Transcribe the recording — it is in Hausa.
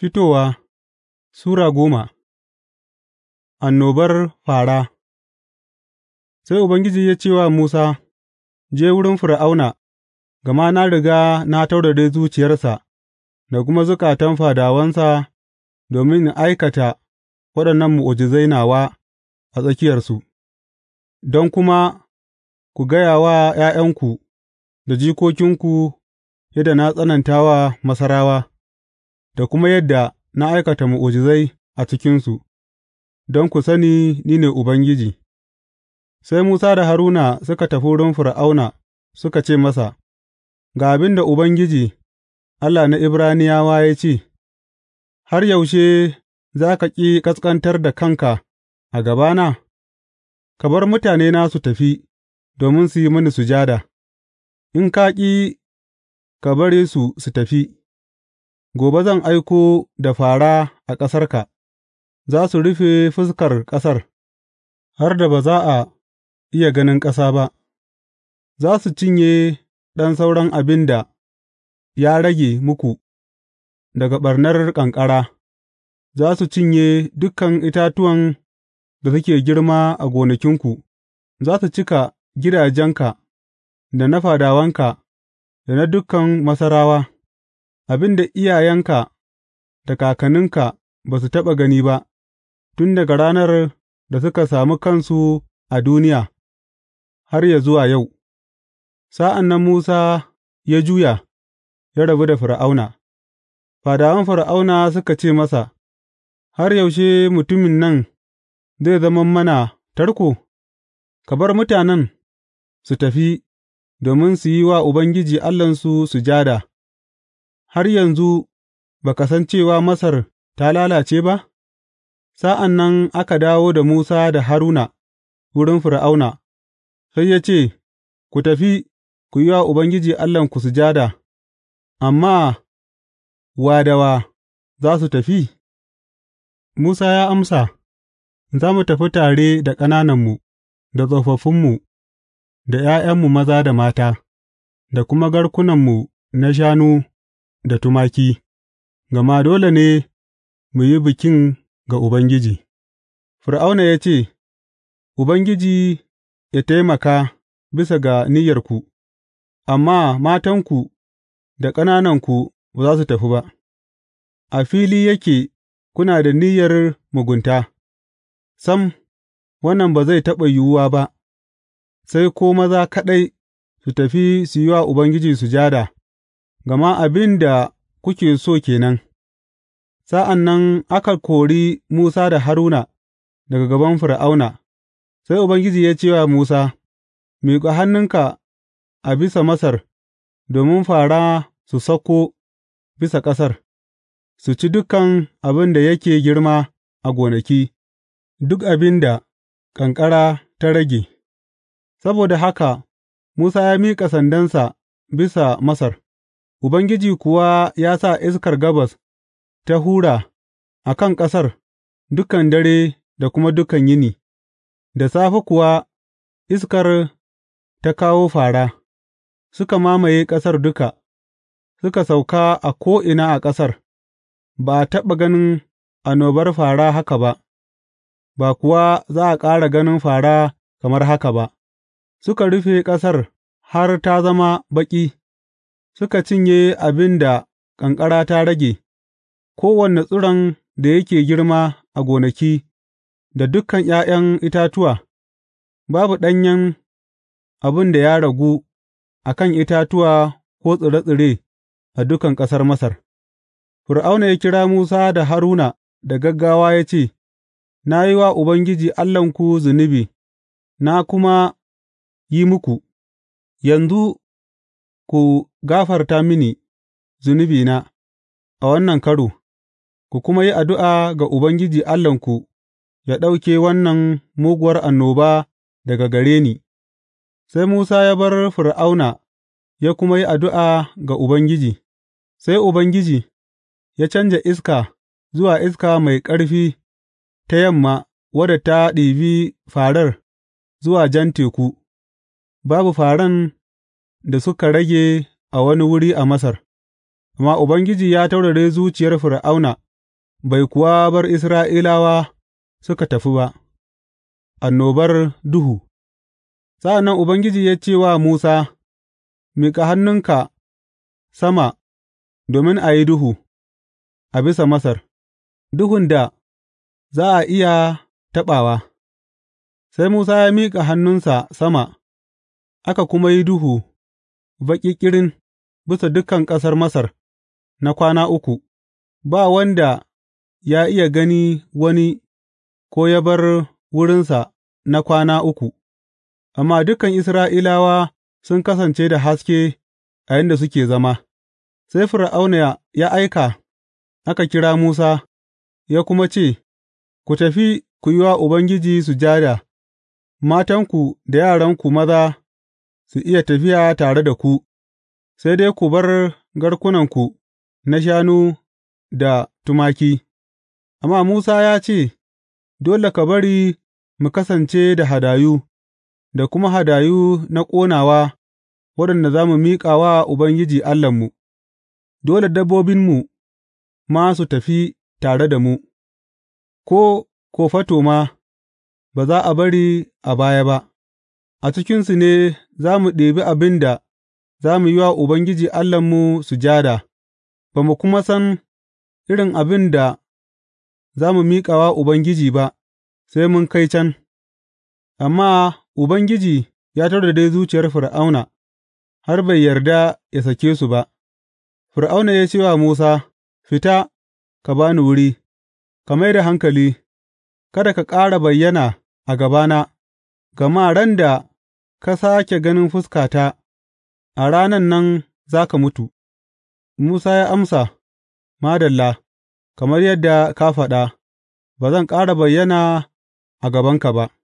Fitowa Sura goma Annobar fara Sai Ubangiji ya ce wa Musa, Je wurin Fir'auna, gama na riga na taurare zuciyarsa da kuma zukatan fadawansa domin in aikata waɗannan mu'ujizai nawa a tsakiyarsu, don kuma ku gaya wa ’ya'yanku da jikokinku yadda na tsananta wa Masarawa. da kuma yadda na aikata mu'ujizai a cikinsu, don ku sani ni ne Ubangiji.’ Sai Musa da Haruna suka tafi wurin Fir'auna suka ce masa, Ga abin da Ubangiji, Allah na Ibraniyawa ya ce, Har yaushe za ka ƙi ƙasƙantar da kanka a gabana? Ka bar mutanena su tafi domin su yi mini sujada, in ka ƙi ka bare su su tafi, Gobe zan aiko da fāra a ƙasarka, za su rufe fuskar ƙasar, har da ba za a iya ganin ƙasa ba; za su cinye ɗan sauran abin da ya rage muku daga ɓarnar ƙanƙara, za su cinye dukan itatuwan da suke girma a gonakinku, za su cika gidajenka da na fadawanka da na dukan Masarawa. abin da iyayenka da kakanninka ba su taɓa gani ba, tun daga ranar da suka sami kansu a duniya har yă zuwa yau. Sa'an nan Musa ya juya, ya rabu da Fir'auna. Fadawan Fir'auna suka ce masa, Har yaushe mutumin nan zai zama mana tarko? Ka bar mutanen su tafi domin su yi wa Ubangiji Allahnsu sujada. har yanzu ba ka san cewa Masar ta lalace ba? Sa'an nan aka dawo da Musa da Haruna wurin Fir'auna, sai ya ce, Ku tafi, ku yi wa Ubangiji Allahnku sujada, amma wa da wa za su tafi? Musa ya amsa, Za mu tafi tare da ƙanananmu, da tsofaffinmu, da ’ya'yanmu maza da mata, da kuma garkunanmu na shanu da tumaki, gama dole ne mu yi bikin ga Ubangiji. Fir'auna ya ce, Ubangiji ya taimaka bisa ga niyyarku, amma matanku da ƙanananku ba za su tafi ba, a fili yake kuna da niyyar mugunta, sam, wannan ba zai taɓa yiwuwa ba, sai ko maza kaɗai su tafi su yi wa Ubangiji sujada. gama abin da kuke so ke nan, sa'an nan aka kori Musa da Haruna daga gaban Fir'auna, sai Ubangiji ya ce wa Musa, Miƙa hannunka a bisa Masar domin fara su sauko bisa ƙasar, su ci dukan abin da yake girma a gonaki, duk abin da ƙanƙara ta rage. Saboda haka Musa ya miƙa sandansa bisa Masar. Ubangiji kuwa ya sa iskar gabas ta hura a kan ƙasar dukan dare da kuma dukan yini, da safe kuwa iskar ta kawo fara. suka mamaye ƙasar duka, suka sauka a ko'ina a ƙasar, ba a taɓa ganin annobar fara haka ba, ba kuwa za a ƙara ganin fara kamar haka ba, suka rufe ƙasar har ta zama baƙi. Suka cinye abin da ƙanƙara ta rage, kowane tsiron da yake girma a gonaki da dukan ’ya'yan itatuwa; babu ɗanyen abin da ya ragu a kan itatuwa ko tsire tsire a dukan ƙasar Masar. Fir'auna ya kira Musa da Haruna da gaggawa ya ce, Na yi wa Ubangiji Allahnku zunubi na kuma yi muku, yanzu. ku gafarta mini zunubina a wannan karo, ku kuma yi addu'a ga Ubangiji Allahnku ya ɗauke wannan muguwar annoba daga gare ni, sai Musa ya bar Fir'auna ya kuma yi addu'a ga Ubangiji, sai Ubangiji ya canja iska zuwa iska mai ƙarfi ta yamma wadda ta ɗibi fārar zuwa Jan Teku, babu fāran da suka rage a wani wuri a Masar, amma Ubangiji ya taurare zuciyar Fir'auna bai kuwa bar Isra'ilawa suka tafi ba. Annobar duhu Sa'an nan Ubangiji ya ce wa Musa, Miƙa hannunka sama domin a yi duhu a bisa Masar, duhun da za a iya taɓawa. Sai Musa ya miƙa hannunsa sama, aka kuma yi duhu baƙi ƙirin bisa dukan ƙasar Masar na kwana uku, ba wanda ya iya gani wani ko ya bar wurinsa na kwana uku, amma dukan Isra'ilawa sun kasance da haske a yadda suke zama, sai Fir'auna ya aika aka kira Musa, ya kuma ce, Ku tafi ku yi wa Ubangiji sujada, matanku da yaranku maza su iya tafiya tare da ku, sai dai ku bar garkunanku na shanu da tumaki, amma Musa ya ce, Dole ka bari mu kasance da hadayu, da kuma hadayu na ƙonawa waɗanda za mu miƙa wa Ubangiji Allahnmu, dole dabbobinmu ma su tafi tare da mu, ko kofato ma ba za a bari a baya ba. A cikinsu ne za mu ɗebi abin da za mu yi wa Ubangiji Allahnmu sujada, ba mu kuma san irin abin da za mu miƙa wa Ubangiji ba, sai mun kai can, amma Ubangiji ya dai zuciyar Fir'auna, har bai yarda ya sake su ba. Fir'auna ya ce wa Musa, Fita, ka ba ni wuri, ka mai da hankali, kada ka ƙara bayyana a gabana, gama ran da ka sāke ganin fuskata, a ranan nan za ka mutu. Musa ya amsa, Madalla, kamar yadda ka faɗa, ba zan ƙara bayyana a gabanka ba.